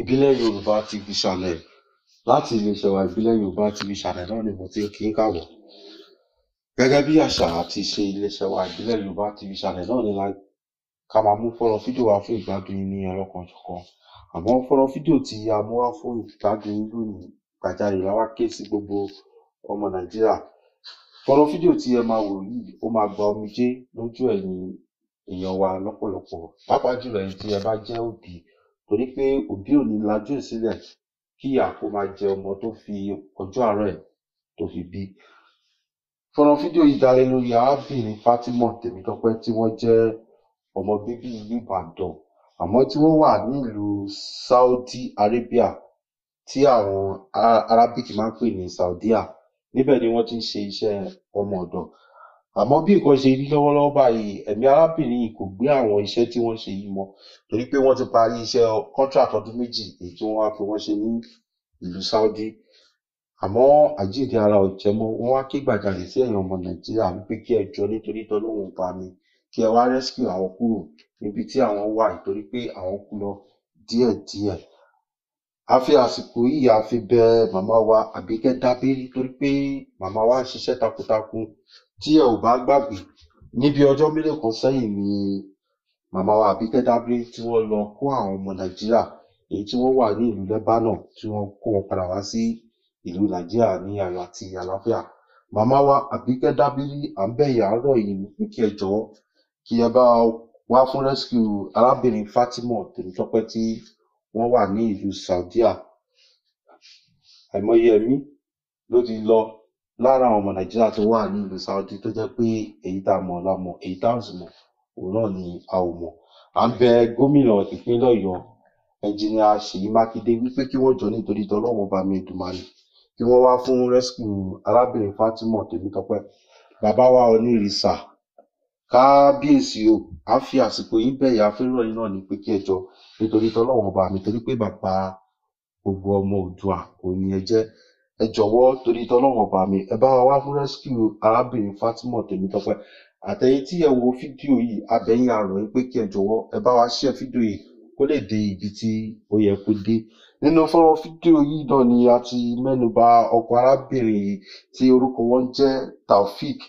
ìbílẹ̀ yorùbá tv channel láti iléeṣẹ́ wa ìbílẹ̀ yorùbá tv channel náà ni mo ti kí ń kàwọ̀ gẹ́gẹ́ bí àṣà àti ìṣe iléeṣẹ́ wa ìbílẹ̀ yorùbá tv channel náà ni la ká máa mú fọ́nrán fídíò wá fún ìgbádùn yín ní ọlọ́kanòjọ̀kan àmọ́ fọ́nrán fídíò tí a mú wá fún ìgbádùn yín lónìí gbàjarè la wá ké sí gbogbo ọmọ nàìjíríà fọ́nrán fídíò tí ẹ máa wò yìí ó máa gba omijé lójú ẹ̀yin èèyàn wa lọ́pọ̀lọpọ̀ pàápàá jùlọ ẹ̀yin tí ẹ bá jẹ́ òbí torí pé òbí ò ní lajú ẹ̀ sílẹ̀ kí ìyá kó máa jẹ ọmọ tó fi ọjọ́ àárọ̀ ẹ̀ tó fi bí. Fọ́nrán fídíò yìí dá lé lórí arábìnrin Fátímọ̀ Tèmítọ́pẹ́ tí wọ́n jẹ́ ọmọ bíbí ìlú Ìbàdàn àmọ́ tí wọ́n wà nílùú Saudi Arabia tí àwọn Arabic máa ń pè ní Saudia níbẹ̀ ni wọ́n ti ń ṣe iṣẹ́ ọmọ ọ̀dọ̀. Àmọ́ bí nǹkan ṣe rí lọ́wọ́lọ́wọ́ báyìí ẹ̀mí arábìnrin yìí kò gbé àwọn iṣẹ́ tí wọ́n ń ṣe yìí mọ́ torí pé wọ́n ti parí iṣẹ́ contract ọdún méjì èyí tí wọ́n wá fi wọ́n ṣe ní ìlú Saudi. Àmọ́ àjíǹde ara ò jẹ́ mọ́, wọ́n wá ké gbàjarè sí ẹ̀yin ọmọ Nàìjíríà wí pé kí ẹ jọ̀ọ́ nítorí tọ́lọ́run ọba ni kí ẹ wá rescue àwọn kúrò níbi tí àwọn wà yìí torí pé àwọn ń kú lọ díẹ̀díẹ̀. A fi àsìkò yìí a fi bẹ màmá wa Àbíkẹ́ Dábírì torí pé màmá wa ń ṣiṣẹ́ takuntakun tí ẹ ò bá gbàgbé níbi ọjọ́ mélòó kan sẹ́yìn ni màmá wa Àbíkẹ́ Dábíré tí wọ́n lọ kó àwọn ọmọ Nàìjíríà èyí tí wọ́n wà ní ìlú Lebanon tí wọ́n kó wọn padà wá sí ìlú Nàìjíríà ní ayọ̀ àti àlàáfíà. Màmá wa Àbíkẹ́ Dábíré à ń bẹ̀ yín à ń rọ̀ yín pé kí ẹ jọ̀wọ́ kí ẹ bá wa wá fún rescue arábìnrin Fatima Temitope tí wọ́n wà ní ìlú Saudia. Àìmọye ẹ̀mí ló ti lọ lára àwọn ọmọ Nàìjíríà tó wà ní ìlú Saudi tó jẹ́ pé èyí tá a mọ̀ la mọ̀ èyí tá a sì mọ̀ òun náà ni a ò mọ̀ à ń bẹ gómìnà ìpínlẹ̀ Ọ̀yọ́ engineer Ṣèyí Mákindé wí pé kí wọ́n jọ̀ọ́ nítorí tọlọ́run ọba mi Èdùmàrè kí wọ́n wá fún rescue arábìnrin Fatima Tèmítọ́pẹ́ bàbá wa Onírìṣà kábíyèsí o à ń fi àsìkò yìí bẹ̀yà afẹ́rọ̀ yìí náà ni pé kí ẹ jọ̀ọ́ nítorí tọlọ́run ọba mi torí pé bàbá gbogbo ọmọ Oòduà òun ni ẹ jẹ́ ẹ jọ̀wọ́ torí tọ́lọ́run ọba mi ẹ bá wa wá fún rescue arábìnrin Fatima Tèmítọ́pẹ́ àtẹ̀yìn tí ẹ wo fídíò yìí abẹ́yìn àrùn yín pé kí ẹ jọ̀wọ́ ẹ bá wa share fídíò yìí kó lè dé ibi tí ó yẹ kó dé nínú fọ́nrán fídíò yìí náà ni a ti mẹ́nuba ọkọ arábìnrin yìí tí orúkọ wọn jẹ́ Taofik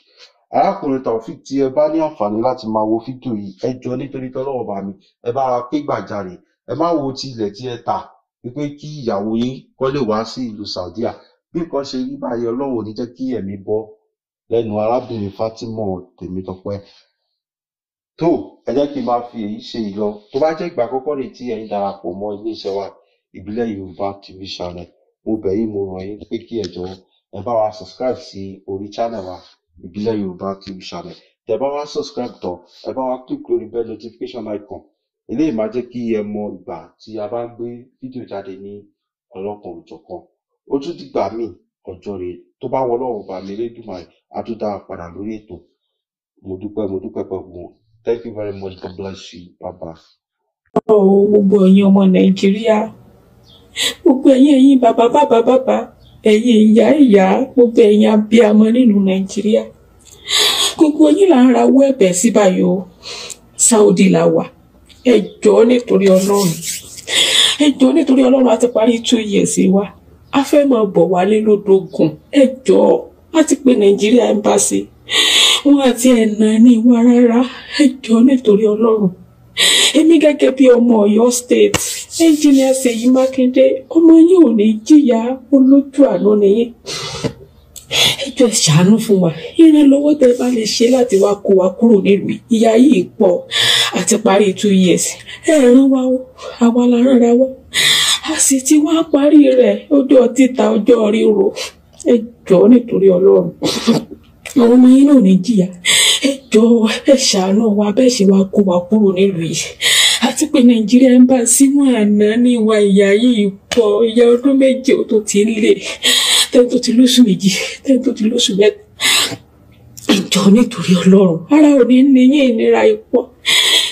arákùnrin Taofik tí ẹ bá ní àǹfààní láti máa wo fídíò yìí ẹ jọ nítorí tọ́lọ́run ọba mi ẹ bá wa pé gbàjarè ẹ má wo ti ilẹ̀ tí ẹ tà wípé kí ìyàwó yín kó lè wá sí ìlú Saudia bí nǹkan ṣe rí báyìí ọlọ́run ò ní jẹ́ kí ẹ̀mí bọ́ lẹ́nu arábìnrin Fatima Tèmítọ́pẹ́ tó ẹ jẹ́ kí n máa fi èyí ṣe ìlọ tó bá jẹ́ ìgbà àkọ́kọ́ rèé tí ẹ̀yin darapọ̀ mọ́ iléeṣẹ́ wa ìbílẹ̀ Yorùbá TV channel mo bẹ̀ yín mo rọ̀ yín pé kí ẹ jọ̀ọ́ ẹ bá wa subscribe sí orí channel wa ìbílẹ̀ Yorùbá TV channel tẹ bá wa subscribe tán ẹ bá wa click lórí bell notification icon eléyìí máa jẹ́ kí ẹ mọ ìgbà tí a bá ń gbé fídíò jáde ní ọlọ́kan òjọ̀kan ó tún dìgbà míì ọjọ́ rere tó bá wu Ọlọ́run Ọba mi Elédùmarè á tún dá wa padà lórí ètò mo dúpẹ́ mo dúpẹ́ pẹ̀lú thank you very much God bless you bye bye. ọ̀hún gbogbo ẹ̀yin ọmọ nàìjíríà gbogbo ẹ̀yin ẹ̀yin bàbá bàbá bàbá ẹ̀yin ìyá ìyá gbogbo ẹ̀yin abiyamọ nínú nàìjíríà gbogbo yín là ń rawọ́ ẹ̀bẹ̀ sí báyìí o Saudi la wà ẹ nítorí Ọlọ́run ẹ nítorí Ọlọ́run a parí two years wa a fẹ́ máa bọ̀ wálé lódògùn ẹ jọ̀ọ́ láti pe nàìjíríà embassy wọn àti ẹ̀nà ní ìwà rárá ẹ jọ̀ọ́ nítorí ọlọ́run èmi gẹ́gẹ́ bí ọmọ ọ̀yọ́ state ẹnjìnìà ṣèyí mákindé ọmọ yìí ò ní jìyà olójú àánú nìyí ẹjọ́ ṣàánú fún wa ìrànlọ́wọ́ tẹ bá lè ṣe láti wá kó wa kúrò nílùú ìyá yìí pọ̀ àti parí two years ẹ ràn wá o àwa la ràn wa sì ti wá parí rẹ̀ ọjọ́ títa ọjọ́ ríro ẹ jọ̀ọ́ nítorí Ọlọ́run àwọn ọmọ yín náà ní jìyà ẹ jọ̀ọ́ ẹ ṣàánú wa bẹ́ẹ̀ ṣe wá kó wa kúrò nílùú yìí àti pé nàìjíríà ń bá sínú àná ní ìwà ìyá yìí pọ̀ ìyá ọdún méje ó tó ti ń lè tẹ́ni tó ti lóṣù méjì tẹ́ni tó ti lóṣù mẹ́ta ìjọ nítorí ọlọ́run ara ò ní ní yín ìnira ipò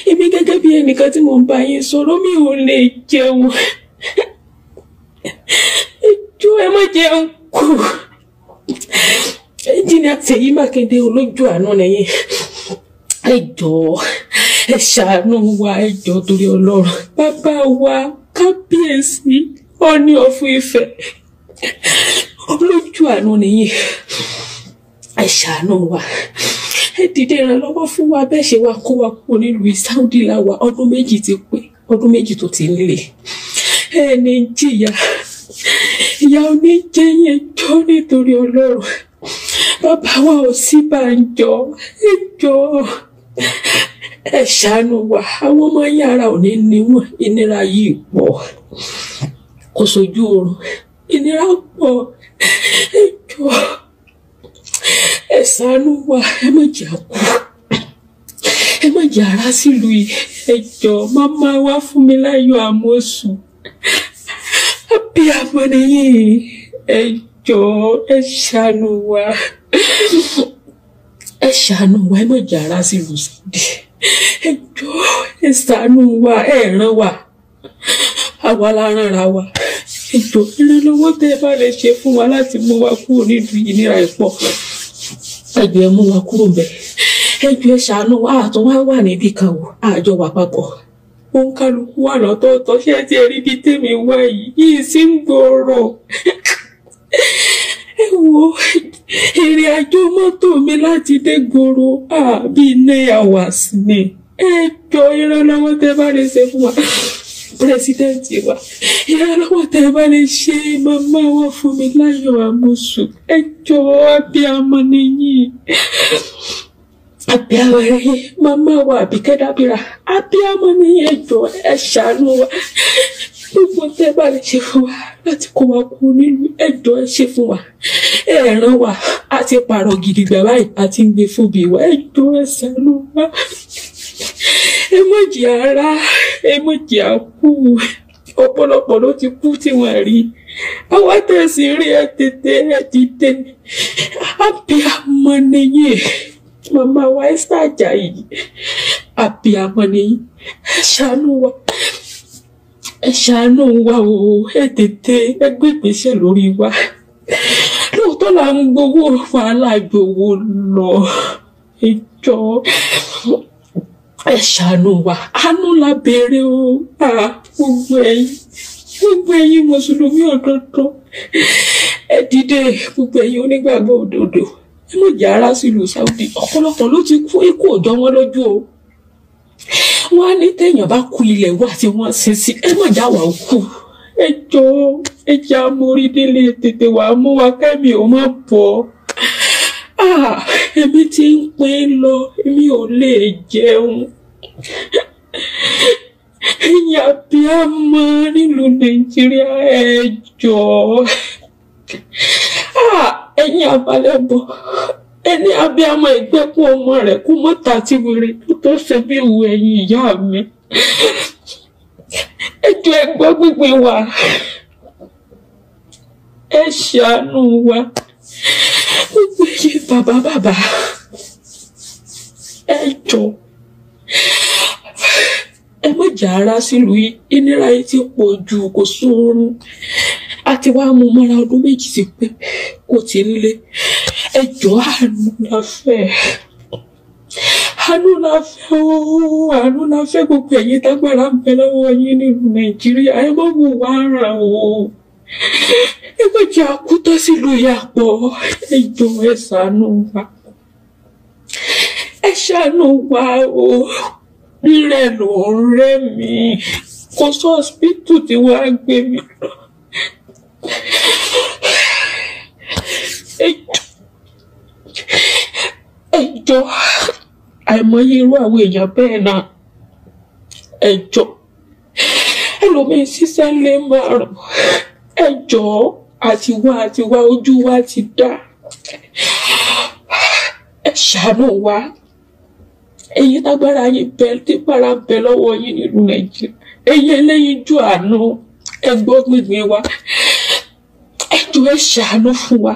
èmi gẹ́gẹ́ bí ẹnìkan tí mo ń bá yín sọ̀rọ̀ mi ò lè jẹun ẹjọ́ ẹ má jẹun kú ẹnjìnìá Ṣèyí Mákindé olójú àánú nìyẹn ẹ jọ̀ọ́ ẹ ṣàánú wa ẹ jọ̀ọ́ torí Ọlọ́run bàbá wa kábíyèsí Ọọ̀ni ọ̀fun Ifẹ̀ olójú àánú nìyẹn ẹ ṣàánú wa ẹ dìde ìrànlọ́wọ́ fún wa bẹ́ẹ̀ ṣe wa kó wa kúrò nílùú Saudi la wa ọdún méjì ti pé ọdún méjì tó ti ń lè ẹni jìyà ìyá oníjẹyìn ẹjọ nítorí Ọlọ́run bàbá wa ò sí bàǹjọ ẹjọ ẹ ṣàánú wa àwọn ọmọ yàrá ò ní níwọn ìnira yìí pọ̀ kò sójú oorun ìnira pọ̀ ẹjọ ẹ ṣàánú wa ẹ má jà kú ẹ má jà ara sílùú yìí ẹjọ máa wá fún mi láyọ̀ àmọsùn ìyàwó nìyí ẹ jọ̀ọ́ ẹ ṣàánú wa ẹ ṣàánú wa ẹ má jà ara sí lùsọdẹ ẹ jọ̀ọ́ ẹ ṣàánú wa ẹ ràn wá àwa la ràn ra wa ẹ jọ̀ọ́ ìrànlọ́wọ́ tẹ́ ẹ bá lè ṣe fún wa láti mú wa kúrò nídùú yìí níra ìpọ ẹ jọ̀ọ́ ẹ mú wa kúrò bẹ́ẹ̀ ẹ jọ̀ọ́ ẹ ṣàánú wa àtúnwá wà níbì kan wò àjọ wà papọ̀ òun kálukú wà lọ́tọ̀ọ̀tọ̀ ṣé ẹ ti rí ibi tèmi wá yìí yìí sí ń gbòòrò ẹ wo ìrìn àjò mọ́tò mi láti dé gbòòrò àbí nine hours ni ẹ jọ ìrànlọ́wọ́ tẹ bá lè ṣe fún wa pírẹsidẹ́ǹtì wa ìrànlọ́wọ́ tẹ bá lè ṣe màmá wa fún mi láyọ̀ àmúṣù ẹ jọ abiyamọ nìyí abiyamọ rẹ màmá wa Àbíkẹ́ Dábírà abiyamọ ni ẹ jọ̀ọ́ ẹ ṣàánú wa gbogbo tẹ bá lè ṣe fún wa láti kó wa kú nínú ẹ jọ̀ọ́ ẹ ṣe fún wa ẹ ràn a ti pààrọ̀ gidi gbà báyìí a ti ń gbé fún wa ẹ jọ̀ọ́ ẹ ṣàánú wa ẹ mọ jìyà ara ẹ mọ jìyà kú ló ti kú tí wọ́n rí àwa tẹ̀sí rí ẹ tètè ẹ dìde àbí àmọ́ nìyẹn. Mama, wa Esther Ajayi àbíàmọ nìyí ẹ ṣàánú wa ẹ wa o ẹ tètè ẹ gbé lórí wa lóòótọ́ là ń gbowó wàhálà gbowó lọ ẹ jọ wa àánú la béèrè o gbogbo ẹ̀yin gbogbo ẹ̀yin mùsùlùmí òdodo ẹ dìde gbogbo ẹ̀yin onígbàgbọ́ òdodo nínú ìjà ara sílùú Saudi ọ̀pọ̀lọpọ̀ ló ti kú ikú òjọ wọn lójú o wọn á ní téèyàn bá ku ilẹ̀ wá tí wọ́n sin sí ẹ mọ̀ já wà ó kú ẹ jọ ẹ jẹ́ amórí délé tètè wàá mú wa kẹ́mi ò má bọ̀ ah, èmi ti ń pé lọ èmi ò lè jẹun ẹ̀yin àbíàmọ nílùú Nàìjíríà ẹ jọ. Ah! ẹ̀yin àbálẹ̀bọ̀ ẹni abiyamọ ìgbẹ́kùn ọmọ rẹ̀ kó mọ́ ta ti wèrè tó ṣe bí ìwù ẹ̀yin ìyá mi ẹjọ́ ẹgbọ́ gbígbin wa ẹ ṣàánú wa gbogbo yìí bàbá bàbá ẹ jọ ẹ má jà ara sílùú ìnira yìí ti pọ̀ jù kò sóorun a ti wá mú mọ́ra ọdún méjì sí pé kò tí ń lé ẹjọ́ àánú la fẹ́ àánú la fẹ́ ooo àánú la fẹ́ gbogbo ẹ̀yin tágbára ń bẹ lọ́wọ́ yín nílùú nàìjíríà ẹ má wò wá ara o ẹ má jẹ́ àkútọ́ sílùú yàpọ̀ ẹ jọ ẹ ṣàánú wa ẹ ṣàánú wa o rírẹ̀ ló ń rẹ́ mi kò sọ hospital tí wọ́n á gbé mi lọ. ẹjọ́ àìmọye irú àwọn èèyàn bẹ́ẹ̀ náà ẹjọ́ ẹlòmíín ṣiṣẹ́ lé márùn ẹjọ́ àtiwá àtiwá ojú wa ti dá ẹ ṣàánú wa èyí tágbára yín bẹ tí para bẹ lọ́wọ́ yín nílùú nàìjíríà èyí eléyìí ju àánú ẹgbọ́n gbìngbìn wa ẹ ṣàánú fún wa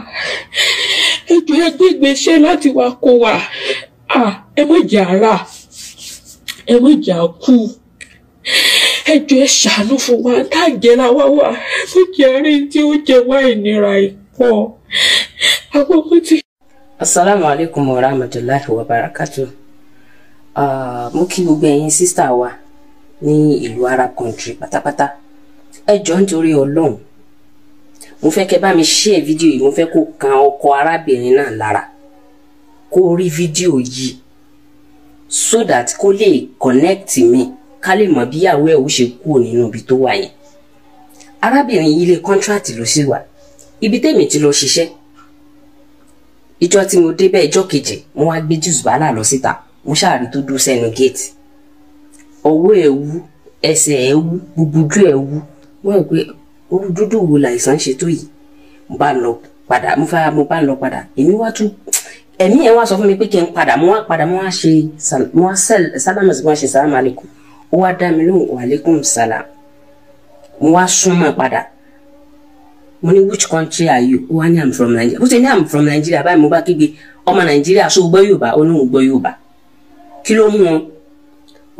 ẹ jọ̀ọ́ ẹ gbé ìgbésẹ̀ láti wá kó wa ẹ má jà ara ẹ má jà kú ẹ ẹ ṣàánú fún wa tá a wá wà tí ó jẹ wá ìnira wa rahmatulahi wa mo kí gbogbo sísá wa ní ìlú arab country pátápátá ẹ jọ̀ọ́ nítorí mo fẹ́ kẹ́ bá mi share fídíò yìí mo fẹ́ kó kan ọkọ arábìnrin náà lára kó rí fídíò yìí so that kó lè connect mi ká lè mọ bí ìyàwó ẹ̀ ó ṣe kúrò nínú ibi tó wà yẹn arábìnrin yìí lè contract ló sì wà ibi tèmi ti lọ ṣiṣẹ́ ìjọ tí mo débẹ̀ ìjọ kejì mo wá gbé jùzùbálà lọ síta mo ṣáàrí tó dúró sẹ́nu géètì ọwọ́ ẹ̀ wú ẹsẹ̀ ẹ̀ wú gbogbo ojú ẹ̀ wú wọ́n rò pé orú dúdú wo làìsàn ṣe tó yìí mo bá lọ padà mo fẹ́ mo bá lọ padà èmi wá tún ẹ̀mí ẹ̀ wá sọ fún mi pé kí n padà mo wá padà mo wá ṣe mo wá sálámù sí mo wá ṣe sálámù aleikum ó wá dá mi lóhùn wàlékùm sálà mo wá súnmọ́ padà mo ní which country are you ó wá ní i'm from Nigeria bó ṣe ní i'm from Nigeria báyìí mo bá kígbe ọmọ Nàìjíríà ṣó gbọ́ Yorùbá ó gbọ́ Yorùbá kí ló mú wọn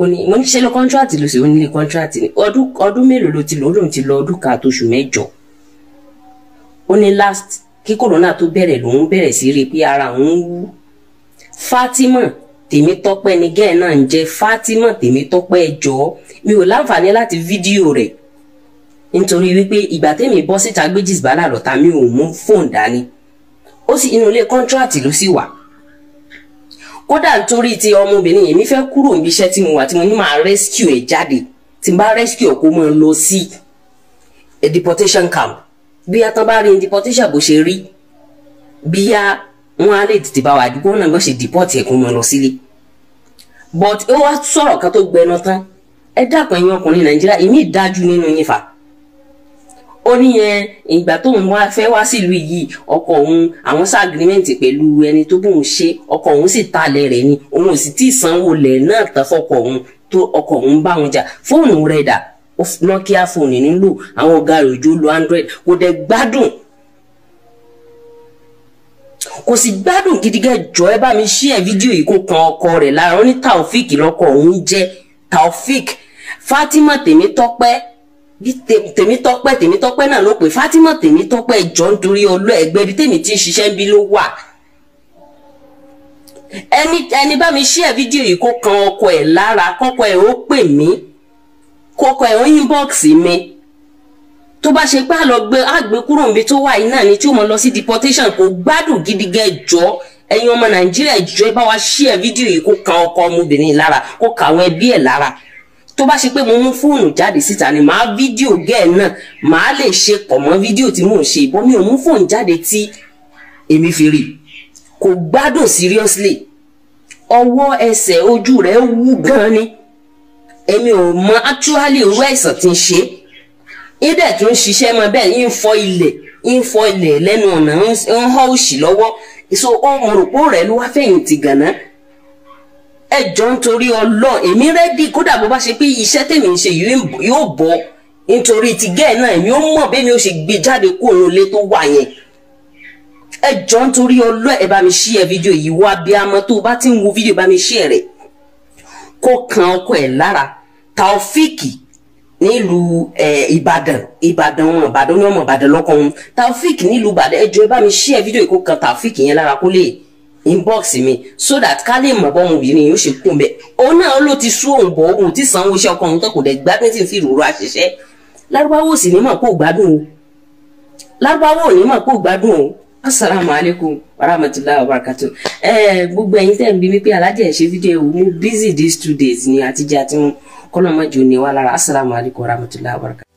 ó ní mo ní ṣe lọ kọ́ńtíráàtì ló sì ó nílé kọ́ńtíráàtì ni ọdún ọdún mélòó ló ti lọ lóun ti lọ ọdún kan àtòṣù mẹ́jọ ó ní last kí kòrónà tó bẹ̀rẹ̀ lòun bẹ̀rẹ̀ sí rí i pé ara òun wú Fatima Tèmítọ́pẹ́ ni gẹ́ẹ̀ náà ń jẹ́ Fatima Tèmítọ́pẹ́ jọ̀ọ́ mi ò láǹfààní láti fídíò rẹ̀ nítorí wípé ìgbà tèmi bọ́ síta gbé jìsbálà lọ́ta mi ò mú fóònù dání ó sì inú ilé kọ́ńtíráàtì ló sì wà kódà nítorí ti ọmọbìnrin yẹn mi fẹ́ kúrò níbi iṣẹ́ tí mo wà tí mo ní máa rescue ẹ̀ jáde tí n bá rescue ọkọ mọ́ ẹ lọ sí a deportation camp bí a tán bá rí deportation bó ṣe rí bí a wọn á lè tètè bá wa àdúgbò náà bó ṣe deport ẹ̀kọ́ mọ́ ẹ lọ sílé but ó wá sọ̀rọ̀ kan tó gbẹnu tán ẹ dákun ẹ̀yin ọkùnrin nàìjíríà ìmí ìdájú nínú yín fà ó ní yẹn ìgbà tóun wá fẹ́ wá sílùú yìí ọkọ òun àwọn ṣàgírímẹǹtì pẹ̀lú ẹni tó bóun ṣe ọkọ òun sì talẹ̀ rẹ̀ ni òun ò sì tí ì sanwó lẹ̀ náà tán fọkọ òun tó ọkọ òun bá wọn jà fóònù rẹ̀ dà Nokia fóònù nílò àwọn ọ̀gá rẹ̀ òjò lo Android kò dẹ̀ gbádùn kò sì gbádùn gidigẹ jọ ẹ bá mi ṣí ẹ fídíò yìí kó kan ọkọ rẹ̀ lára ó ní Taofik lọkọ òun jẹ́ Taofik Fatima tèmítọ́pẹ́ tèmítọ́pẹ́ náà ló pè Fatima tèmítọ́pẹ́ ìjọ ń dorí ọlọ́ ẹgbẹ́ ibi tèmi ti ń ṣiṣẹ́ ń bí ló wà ẹni ẹni bá mi ṣí ẹ fídíò yìí kó kan ọkọ ẹ lára kọkọ ẹ ó pè mí kọkọ ẹ ó inbox mi tó bá ṣe pé a lọ gbé àgbé kúrò níbi tó wà yìí náà ni tí ó mọ lọ sí deportation kò gbádùn gidigẹ jọ ẹ̀yin ọmọ Nàìjíríà ìjọ ẹ bá wa ṣí ẹ fídíò yìí kó kan ọkọ ọmọbìnrin lára kó kàwọn ẹbí ẹ lára tó bá ṣe pé mo mú fóònù jáde síta ni màá fídíò gẹ́ẹ̀ náà màá lè ṣe pọ̀ mọ́ fídíò tí mò ń ṣe ìbọn mi ò mú fóònù jáde tí èmi fi rí kò gbádùn seriously ọwọ́ ẹsẹ̀ ojú rẹ̀ wú gan ni èmi ò mọ actually irú àìsàn tí ń ṣe é dẹ̀ tún ṣiṣẹ́ mọ bẹ́ẹ̀ ń fọ ilẹ̀ ń fọ ilẹ̀ lẹ́nu ọ̀nà ń họ́ òṣì lọ́wọ́ so ó mọ̀ rò pé ó rẹ̀ ló wá fẹ̀yìntì gànáà ẹ jọ nítorí Ọlọ́run èmi rẹ́dí kódà bó bá ṣe pé iṣẹ́ tèmi ń ṣe yóò bọ́ nítorí ti gẹ́ẹ̀ náà èmi ó mọ̀ bẹ́ẹ̀ni ó ṣe gbé jáde kúrò ní ilé tó wà yẹn ẹ jọ nítorí Ọlọ́run ẹ bá mi ṣí ẹ fídíò yìí wá bí amọ tó o bá ti ń wo fídíò bá mi ṣí ẹ rẹ kó kan ọkọ ẹ lára Taofiki nílùú Ìbàdàn Ìbàdàn wọn Ìbàdàn ní ọmọ Ìbàdàn lọkọ wọn Taofiki nílùú Ìbàdàn ẹ jọ ẹ bá mi ṣí ẹ fídíò yìí kó kan Taofiki yẹn lára kó lè inbox mi so that ká lè mọ̀ bọ́mọbìnrin yìí ó ṣe kún bẹ́ẹ̀ òun náà ló ti sú òun bọ̀ òun ti sanwó iṣẹ́ ọkọ òun tó kò dẹ̀ gbádùn tí n fi ròrò àṣẹṣẹ́ lárúbáwò sì ní mọ̀ kó gbádùn o lárúbáwò ní mọ̀ kó gbádùn o asalaamu alaykum warahmatulahi wabarakatu ẹ gbogbo ẹ̀yin tẹ́ ń bi mí pé alájẹ ẹ ṣe fídíò mo busy these two days ni àtijọ́ àti wọn kọ́nà mọ́jọ ní wa lára asalaamu alaykum warahmatulahi wabarakatu.